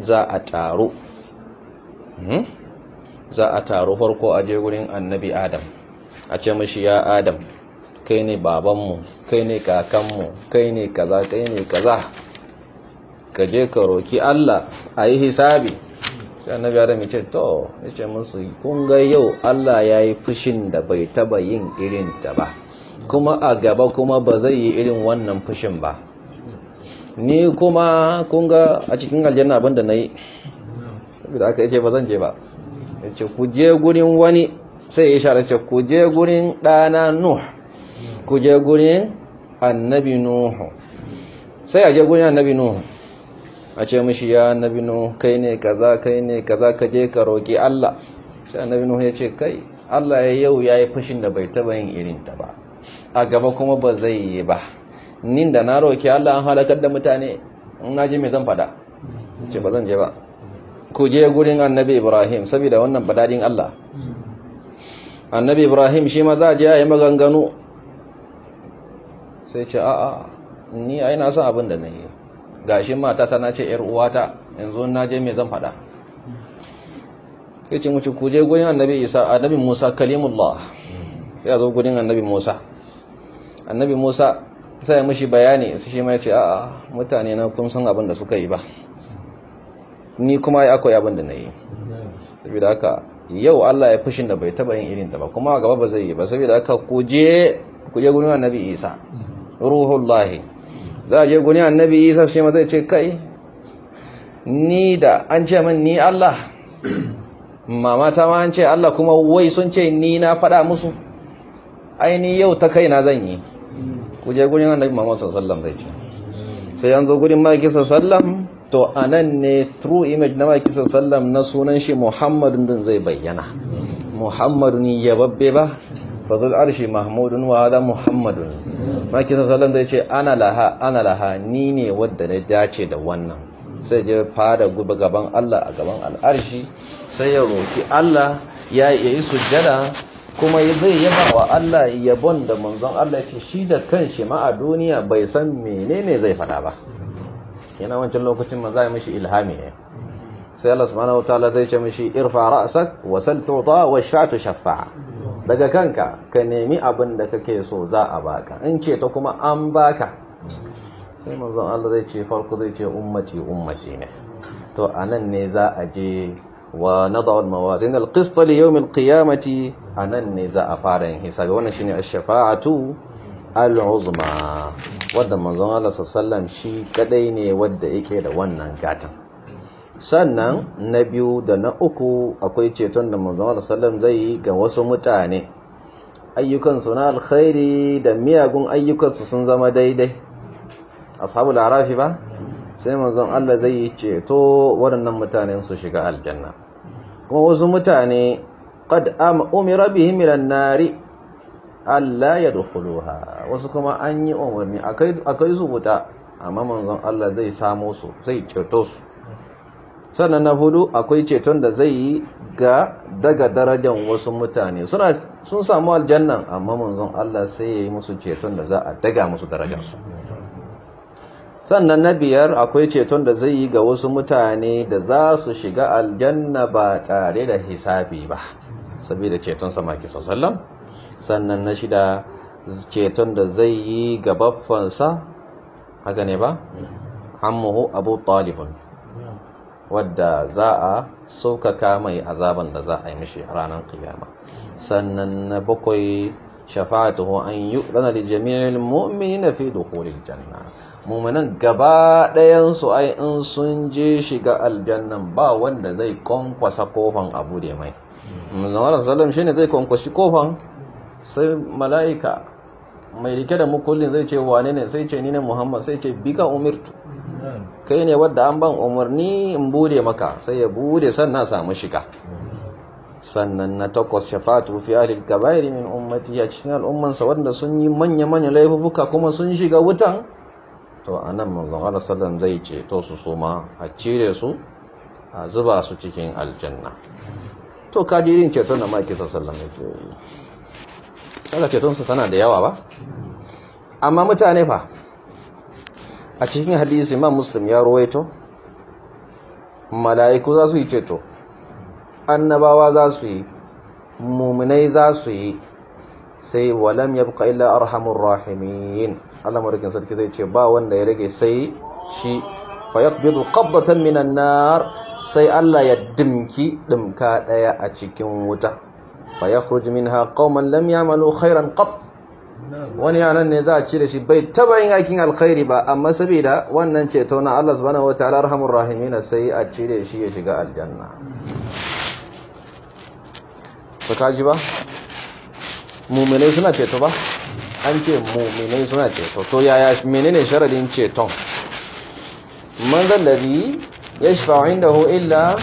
za a taru hmm? za a taru farko a je gurin annabi adam a ce mashi ya adam kai ne babanmu kai ne kakanmu kai ne kaza kai ne kaza ka je ka roki allah a yi hisabi sai annabi adam ya ce to ya ce musu kun ga yau Allah ya yi fushin da bai taba yin irin ta ba kuma a gaba kuma ba zai yi irin wannan fushin ba ni kuma kun ga a cikin aljanna abin da na yi saboda aka yace ba zan je ba ce ku je gurin wani sai ya shara ce ku je gurin ɗana nuh ku je gurin annabi nuhu sai a je gurin annabi nuhu a ce mishi ya nabi nu kai ne kaza kai ne kaza ka je ka roki Allah sai annabi nu ya ce kai Allah ya yau yayi fushin da bai taba yin irin ta ba a gaba kuma ba zai yi ba nin da na roki Allah an halakar da mutane in je me zan fada ce ba zan je ba ku je gurin annabi Ibrahim saboda wannan badadin Allah annabi Ibrahim shi ma za a je a yi maganganu sai ce a'a ni ai na san abin da na yi gashin mata tana ce ‘yar uwata yanzu na je mai zan faɗa sai ce muci kuje gudun annabi isa annabi musa kalimullah sai a zo gudun annabi musa annabi musa sai ya mushi bayani su shi mai ce a'a mutane na kun san abin da suka yi ba ni kuma ya akwai abin da na yi saboda haka yau Allah ya fushin da bai taba yin irin ta ba kuma gaba ba zai yi ba saboda haka kuje kuje gudun annabi isa ruhullahi za a je guni annabi isa shi mazai ce kai ni da an ce min ni Allah mama ta ma an ce Allah kuma wai sun ce ni na faɗa musu aini yau ta kaina zan yi ku je gurin annabi Muhammad sallallahu alaihi ce sai an zo guni maki sallallahu to anan ne true image na maki sallallahu na sunan shi Muhammadun din zai bayyana Muhammadun yababbe ba fazul arshi mahmudun wa Muhammadu muhammadun maki sallan zai ce ana laha ana laha ni ne wadda na dace da wannan sai ya fara gube gaban Allah a gaban al'arshi sai ya roki Allah ya yi sujjada kuma zai yaba wa Allah yabon da manzon Allah ce shi da kanshi ma a duniya bai san menene zai fada ba yana wancan lokacin manzo ya mishi ilhami ne sai Allah subhanahu wataala zai ce mishi irfa ra'sak wa sal tuta wa shafatu shafa'a daga kanka ka nemi abin da kake so za a baka in ce ta kuma an baka sai manzon Allah zai ce farko zai ce ummati ummati ne to anan ne za a je wa nadaw al-mawazin al-qist li yawm al-qiyamati anan ne za a fara yin hisabi wannan shine ash-shafa'atu al-uzma wanda manzon Allah sallallahu alaihi wasallam shi kadai ne wanda yake da wannan gatan sannan na biyu da na uku akwai ceton da manzon sallam zai yi ga wasu mutane ayyukansu na alkhairi da miyagun ayyukansu sun zama daidai sabu larafi ba sai manzon Allah zai yi ceto waɗannan mutanen su shiga aljanna kuma wasu mutane qad umira bihim minan nari Allah ya dukhuluha wasu kuma an yi umarni akai akai su wuta amma manzon Allah zai samo su zai ceto su sannan na hudu akwai ceton da zai yi ga daga darajan wasu mutane sun samu aljannan amma manzon Allah sai ya yi musu ceton da za a daga musu darajansu sannan na biyar akwai ceton da zai yi ga wasu mutane da za su shiga aljanna ba tare da hisabi ba saboda ceton samaki sallam sannan na shida ceton da zai yi ga baffansa haka ne ba hammuhu abu talibun wadda za a saukaka mai azaban da za a yi mishi ranar kiyama sannan na bakwai shafa'atuhu an yu'lana li jami'il na fi dukhulil janna mu'minan gaba ɗayan su ai in sun je shiga aljannan ba wanda zai konkwasa kofan abu da mai manzon shi ne zai konkwashi kofan sai mala'ika mai rike da mukullin zai ce wane ne sai ce ni ne muhammad sai ce bika umirtu kai ne wadda an ban umarni in bude maka sai ya bude sannan samu shiga sannan na takwas shafatu fi ahlil kabairi min ummati ya cikin al'ummansa wanda sun yi manya-manya laifuka kuma sun shiga wutan to a nan manzon Allah sallam zai ce to su suma a cire su a zuba su cikin aljanna to kadirin ceton da maki sallam ya ce kaga sa tana da yawa ba amma mutane fa a cikin hadisi ma muslim ya ruwaito mala'iku za su yi ceto annabawa za su yi mummunai za su yi sai walam ya buka illa arhamun rahimin alamurikin sarki zai ce ba wanda ya rage sai shi fayakbidu kabbatan minan nar sai allah ya dimki dimka daya a cikin wuta fayakhruj minha kawman lam ya'malu khairan qatt wani yanar ne za a ci da shi bai taba yin aikin alkhairi ba amma saboda wannan ceto na Allah subhanahu wataala arhamur rahimin sai a ci da shi ya shiga aljanna ba ka ji ba mu'minai suna ceto ba an ce mu'minai suna ceto to yaya menene sharadin ceton man zan da bi yashfa'u indahu illa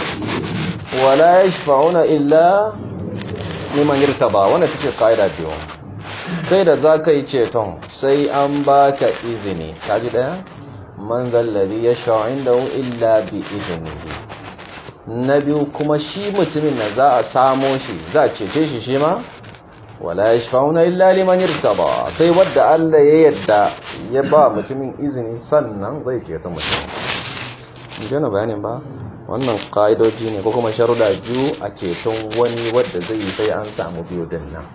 wala yashfa'una illa liman yartaba wannan take kaida biyu kai da za ka yi ceton sai an ba ka izini ta ji ɗaya man zallari ya sha'in da illa bi izini na biyu kuma shi mutumin na za a samo shi za a cece shi shi ma wala ya na illa liman ba sai wadda allah ya yadda ya ba mutumin izini sannan zai ceton mutum jana bayanin ba wannan ƙa'idoji ne ko kuma sharuda biyu a ceton wani wadda zai yi sai an samu biyu dinnan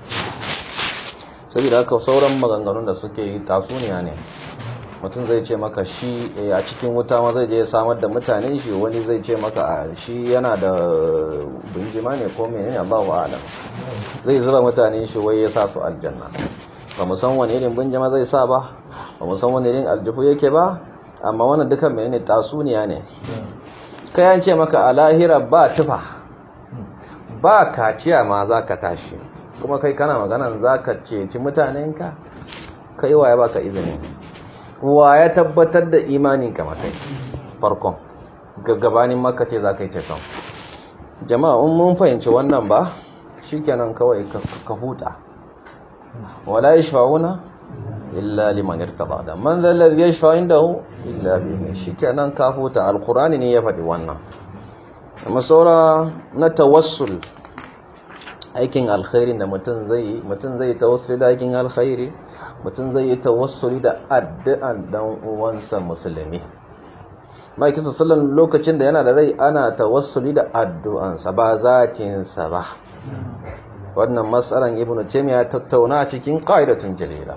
saboda haka sauran maganganun da suke yi tatsuniya ne mutum zai ce maka shi eh, a cikin wuta ma zai je samar da mutane shi wani zai ce maka a shi yana da bingima ne ko menene Allahu adam zai zuba mutane shi wai ya sa su aljanna ba mu san wani irin bingima zai sa ba ba mu san wani irin aljihu yake ba amma wannan dukan menene tasuniya ne Ka an ce maka a lahira ba tufa ba kaciya ma za ka tashi kuma kai kana maganan za ka ceci mutanenka kai waye baka izini wa ya tabbatar da imanin ka mata farkon gaggabanin maka ce za ka yi ceton jama'a in mun fahimci wannan ba shikenan kawai ka huta wala yashfauna illa liman ba, da man zal ladhi yashfa indahu illa bihi shikenan ka huta alqur'ani ne ya faɗi wannan Masaura na tawassul aikin alkhairi da mutum zai yi mutum zai tawassuli da aikin alkhairi mutum zai yi tawassuli da addu'an dan uwansa musulmi kisa sallan lokacin da yana da rai ana tawassuli da addu'ansa ba zatinsa ba wannan masaran ibnu taymiya tattauna cikin qaidatun jalila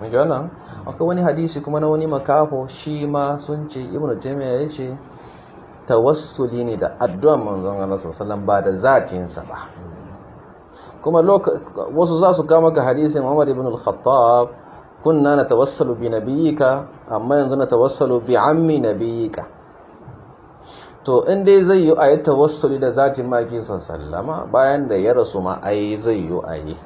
mun ji wannan akwai wani hadisi kuma na wani makafo shi ma sun ce ibnu taymiya yace tawassuli ne da addu'an manzon Allah sallallahu alaihi wasallam ba da zatinsa ba kuma wasu za su kama ga hadisin Umar ibn al-Khattab kunna na bi nabiyyika amma yanzu natawassalu bi ammi nabiyyika to in dai zai yi ayi tawassuli da zatin maki sallama bayan da ya rasu ma ai zai yi ayi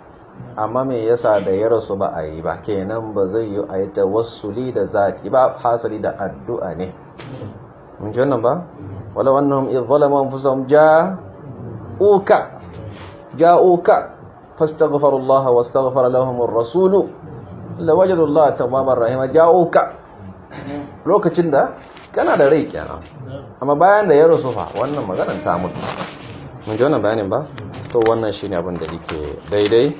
amma me yasa da ya rasu ba ayi ba kenan ba zai yi ayi tawassuli da zati ba hasali da addu'a ne mun ji wannan ba wala wannan idh zalamu anfusahum uka. جاءوك فاستغفر الله واستغفر لهم الرسول لوجدوا الله تماما رحيما جاءوك lokacin da kana da rai kenan amma bayan da ya rasu fa wannan maganar ta mutu mun ji wannan bayanin ba to wannan shine abin da yake daidai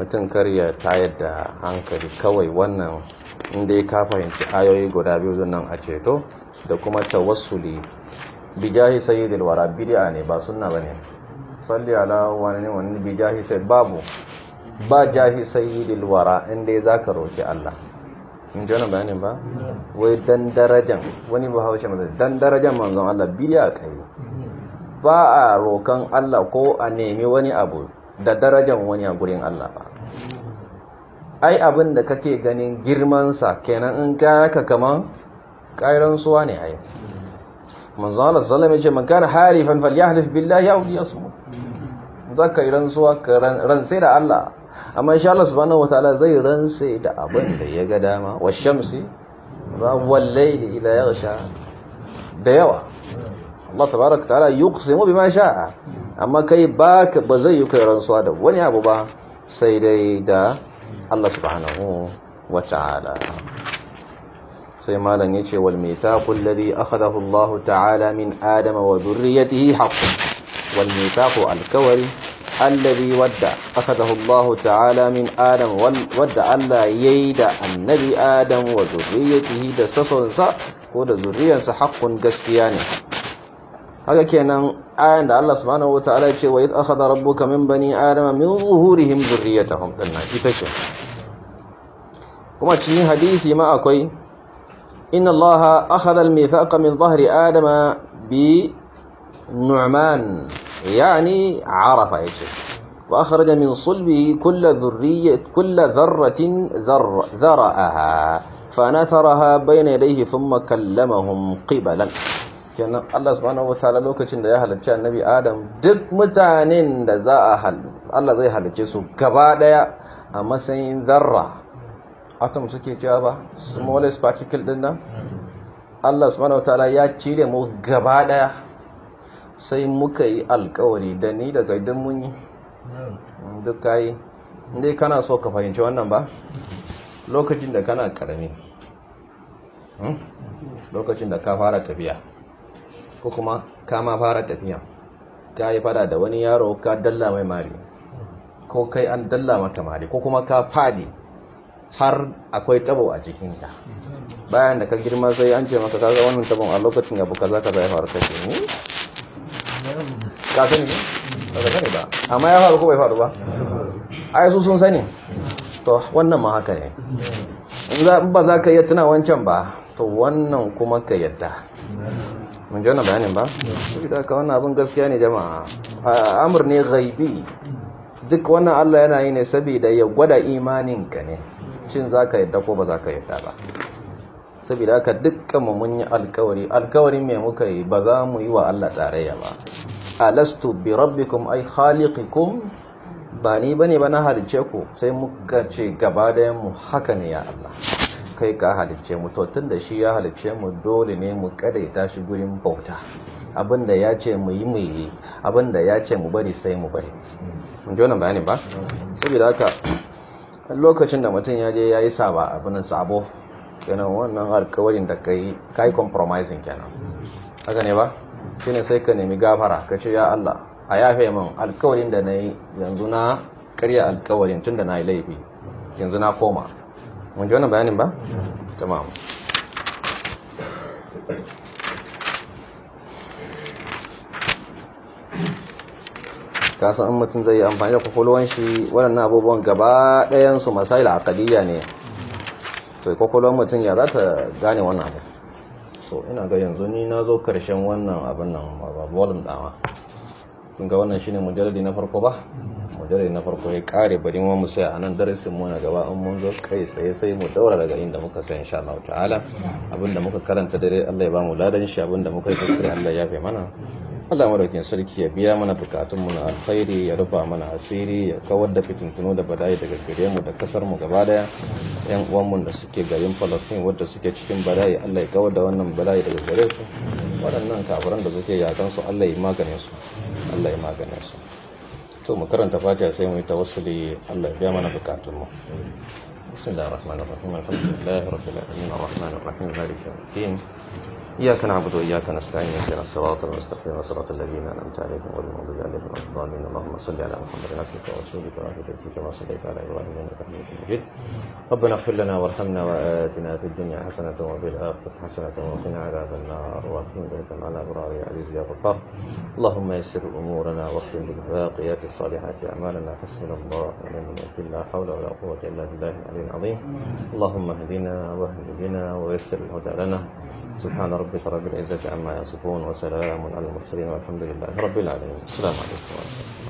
mutum kariya ta yadda hankali kawai wannan inda ya ka fahimci ayoyi guda biyu nan a ceto da kuma tawassuli bijahi sayyidil wara ne ba sunna bane salli ala wani wani bi jahi sai babu ba jahi sayyidil dilwara inda za ka roki Allah in ji wani bayanin ba wai dan darajan wani ba haushe mai dan darajan manzon Allah biya kai ba a rokan Allah ko a nemi wani abu da darajan wani a gurin Allah ba ai abin da kake ganin girmansa kenan in ka kaman suwa ne ai من زال الظلم يجي من كان حالفا فليحلف بالله او ليصمت ذاك يرنسوا رنسي ده الله اما ان شاء الله سبحانه وتعالى زي رنسي ده ابن ده يا قدام والشمس والليل اذا يغشى ديوا الله تبارك وتعالى يقسم بما شاء اما كي باك بزيك رنسوا ده وني ابو با سيدي ده الله سبحانه وتعالى sai malam yace wal mithaqu alladhi akhadahu Allah ta'ala min adama wa dhurriyyatihi haqqun wal mithaqu alkawari alladhi wadda akhadahu Allah ta'ala min adama wadda Allah yayi da annabi adam wa dhurriyyatihi da sasonsa ko da zuriyarsa haqqun gaskiya ne haka kenan ayan da Allah subhanahu wataala ya ce wa idh akhadha rabbuka min bani adama min zuhurihim dhurriyyatahum dinnan ita ce kuma cikin hadisi ma akwai إن الله أخذ الميثاق من ظهر آدم بنعمان يعني عرف يجب وأخرج من صلبه كل ذرية كل ذرة ذر ذرأها فنثرها بين يديه ثم كلمهم قبلا كان الله سبحانه وتعالى لو كان النبي آدم دب متانين ذا أهل الله ذي هل جسو كبادة أما سين ذرة atom suke cewa ba smallest particle din nan Allah subhanahu wataala ya cire mu gaba daya sai muka yi alkawari da ni daga idan mun yi duk yi dai kana so ka fahimci wannan ba lokacin da kana karami hmm, lokacin da ka fara tafiya ko kuma ka ma fara tafiya ka yi fada da wani yaro ka dalla mai mari ko kai an dalla mata mari ko kuma ka fadi har akwai tabo a jikinka bayan da ka girma sai an ce maka kaga wannan tabon a lokacin abu kaza kaza ya faru kace ni ka sani ba ka sani ba amma ya faru ko bai faru ba ai su sun sani to wannan ma haka ne ba za ka yi tuna wancan ba to wannan kuma ka yadda mun jona bayanin ba da ka wannan abin gaskiya ne jama'a amur ne ghaibi duk wannan Allah yana yi ne saboda ya gwada imaninka ne shin za ka yadda ko ba za ka yadda ba saboda haka dukkan mu mun yi alkawari alkawari mai muka yi ba za mu yi wa Allah tarayya ba alastu bi rabbikum ay khaliqikum ba ni bane ba na halice ku sai muka ce gaba dayan mu haka ne ya Allah kai ka halice mu to tunda shi ya halice mu dole ne mu kadaita shi gurin bauta abinda ya ce mu yi mu yi abinda ya ce mu bari sai mu bari mun ji wannan bayani ba saboda haka lokacin da mutum ya je ya yi saba abin sabo kenan wannan alkawarin da ka yi ka yi compromising kenan haka ne ba shi ne sai ka nemi gafara ka ce ya Allah a yafe min alkawarin da na yi yanzu na karya alkawarin tun da na yi laifi yanzu na koma mun ji wannan bayanin ba? tamam kasan in mutum zai yi amfani da kwakwalwan shi waɗannan abubuwan gaba su masaila akadiyya ne to kwakwalwan mutum ya za ta gane wannan abu so ina ga yanzu ni na zo karshen wannan abin nan volume ɗawa kun ga wannan shine mujalladi na farko ba mujalladi na farko ya kare bari mu mu a nan darasin mu na gaba an mun zo kai sai sai mu daura daga inda muka sai insha Allah ta'ala abinda muka karanta dare Allah ya ba mu ladan shi abinda muka yi kuskure Allah ya yafe mana Allah madaukin sarki ya biya mana bukatun mu na alkhairi ya rufa mana asiri ya kawar da fitintuno da bada'i daga gare mu da kasar mu gaba daya yan uwan mu da suke garin Falastin wadda suke cikin bada'i Allah ya kawar da wannan bada'i daga gare su waɗannan kafiran da suke yakan su Allah ya magane su Allah ya magane su to mu karanta fatiha sai mu yi tawassuli Allah ya biya mana bukatun mu. الله الرحمن الرحيم الحمد لله رب العالمين إياك نعبد وإياك نستعين اهدنا الصراط المستقيم صراط الذين أنعمت عليهم غير المغضوب عليهم ولا الضالين اللهم صل على محمد عبدك ورسولك وآل بيتك كما صليت على إبراهيم إنك حميد مجيد ربنا اغفر لنا وارحمنا وآتنا في الدنيا حسنة وفي الآخرة حسنة وقنا عذاب النار وأدخلنا جنة على أبرار يا عزيز يا غفار اللهم يسر أمورنا واختم بالباقيات الصالحات أعمالنا حسبنا الله ونعم الوكيل لا حول ولا قوة إلا بالله العلي العظيم اللهم اهدنا واهد بنا ويسر الهدى لنا سبحان ربك رب العزة عما يصفون وسلام على المرسلين والحمد لله رب العالمين السلام عليكم ورحمة الله